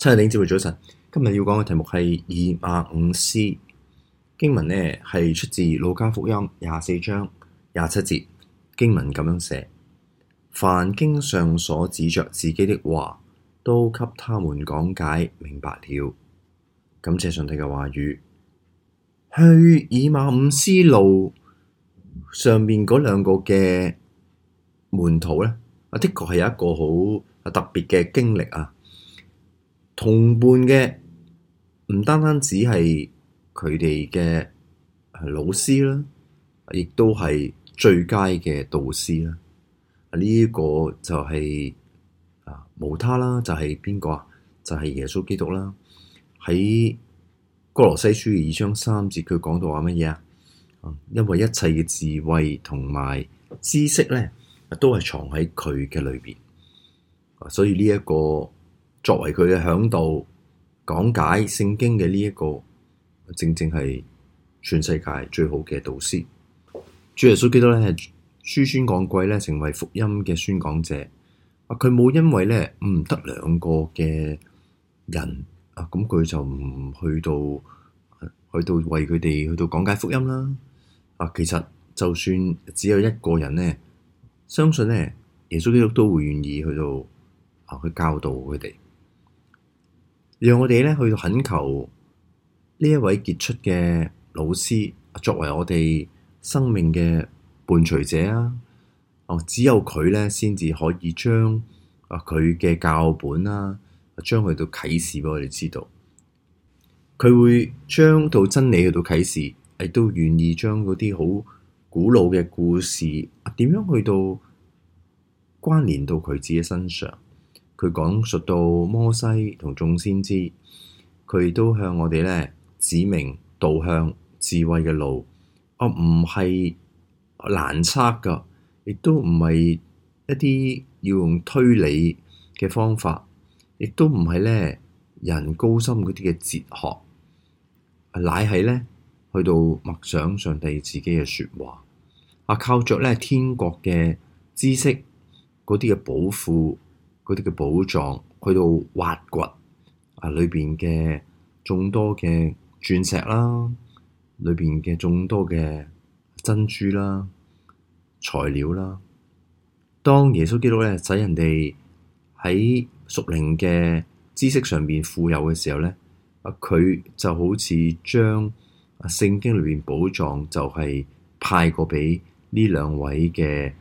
七日領旨會早晨，今日要講嘅題目係以馬忤斯。經文呢係出自《路加福音》廿四章廿七節經文咁樣寫。凡經上所指着自己的話，都給他們講解明白了。感謝上帝嘅話語。去以馬忤斯路上面嗰兩個嘅門徒呢，的確係有一個好特別嘅經歷啊。同伴嘅唔單單只係佢哋嘅老師啦，亦都係最佳嘅導師啦。呢、這、一個就係、是、啊無他啦，就係邊個啊？就係、是、耶穌基督啦。喺哥羅西書二章三節，佢講到話乜嘢啊？因為一切嘅智慧同埋知識咧、啊，都係藏喺佢嘅裏邊。所以呢、這、一個。作為佢嘅嚮導，講解聖經嘅呢一個，正正係全世界最好嘅導師。主耶穌基督咧係屈尊降貴咧，成為福音嘅宣講者。啊，佢冇因為咧唔得兩個嘅人啊，咁佢就唔去到去到為佢哋去到講解福音啦。啊，其實就算只有一個人咧，相信咧耶穌基督都會願意去到啊去教導佢哋。讓我哋咧去懇求呢一位傑出嘅老師，作為我哋生命嘅伴隨者啊！哦，只有佢咧先至可以將啊佢嘅教本啦，將佢到啟示畀我哋知道。佢會將到真理去到啟示，亦都願意將嗰啲好古老嘅故事，點樣去到關聯到佢自己身上。佢講述到摩西同眾先知，佢都向我哋咧指明導向智慧嘅路。啊，唔係難測噶，亦都唔係一啲要用推理嘅方法，亦都唔係咧人高深嗰啲嘅哲學，乃係咧去到默想上帝自己嘅說話。啊，靠着咧天國嘅知識嗰啲嘅寶庫。佢哋嘅寶藏去到挖掘面啊，裏邊嘅眾多嘅鑽石啦，裏邊嘅眾多嘅珍珠啦、啊、材料啦、啊。當耶穌基督咧使人哋喺屬靈嘅知識上面富有嘅時候咧，啊佢就好似將啊聖經裏邊寶藏就係派過畀呢兩位嘅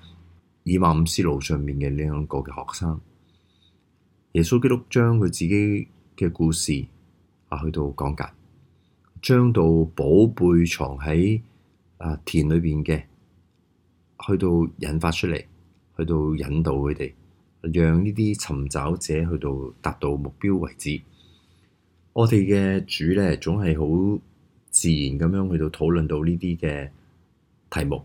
以馬忤斯路上面嘅呢兩個嘅學生。耶穌基督將佢自己嘅故事啊，去到講解，將到寶貝藏喺啊田裏邊嘅，去到引發出嚟，去到引導佢哋，讓呢啲尋找者去到達到目標為止。我哋嘅主咧，總係好自然咁樣去到討論到呢啲嘅題目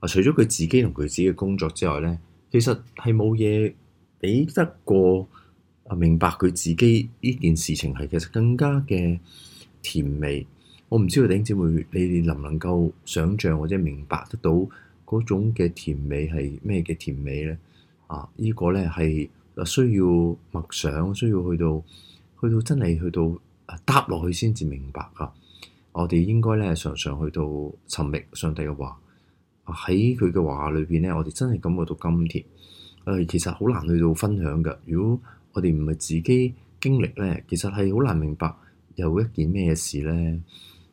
啊。除咗佢自己同佢自己嘅工作之外咧，其實係冇嘢比得過。明白佢自己呢件事情係其實更加嘅甜美。我唔知道弟兄姐妹，你哋能唔能夠想象或者明白得到嗰種嘅甜美係咩嘅甜美咧？啊！依、這個咧係需要默想，需要去到去到真係去到搭落去先至明白啊！我哋應該咧常常去到尋覓上帝嘅話喺佢嘅話裏邊咧，我哋真係感覺到甘甜。誒、啊，其實好難去到分享嘅。如果我哋唔係自己經歷咧，其實係好難明白有一件咩事咧。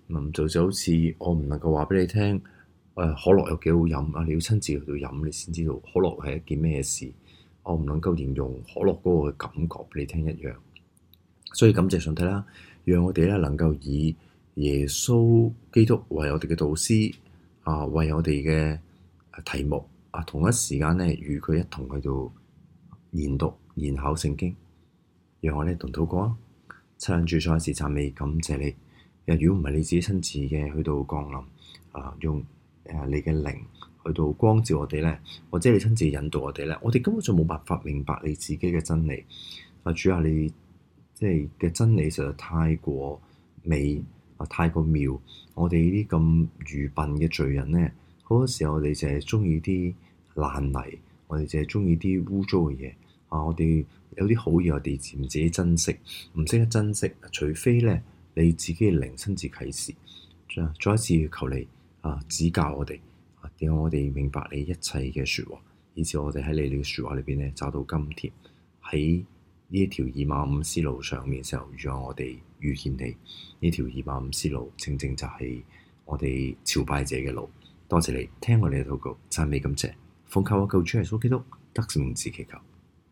臨走就好似我唔能夠話俾你聽，誒，可樂有幾好飲啊！你要親自去到飲，你先知道可樂係一件咩事。我唔能夠形容可樂嗰個感覺俾你聽一樣。所以感謝上帝啦，讓我哋咧能夠以耶穌基督為我哋嘅導師啊，為我哋嘅題目啊，同一時間咧與佢一同去到研讀。研考聖經，讓我哋同禱告啊。趁住賽事讚美，感謝你。如果唔係你自己親自嘅去到降臨啊，用誒你嘅靈去到光照我哋咧，或者你親自引導我哋咧，我哋根本就冇辦法明白你自己嘅真理啊。主啊，你即係嘅真理，實在太過美啊，太過妙。我哋呢啲咁愚笨嘅罪人咧，好多時候我哋就係中意啲爛泥，我哋就係中意啲污糟嘅嘢。啊！我哋有啲好嘢，我哋唔自，自己珍惜，唔識得珍惜，除非咧你自己嘅靈親自啟示。再一次求你啊，指教我哋啊，叫我哋明白你一切嘅説話，以至我哋喺你哋嘅説話裏邊咧找到甘甜，喺呢一條以馬忤斯路上面就候，讓我哋遇見你呢條以馬忤斯路，正正就係我哋朝拜者嘅路。多謝你聽我哋嘅禱告，讚美感謝，奉靠我救主耶穌基督得勝名字祈求。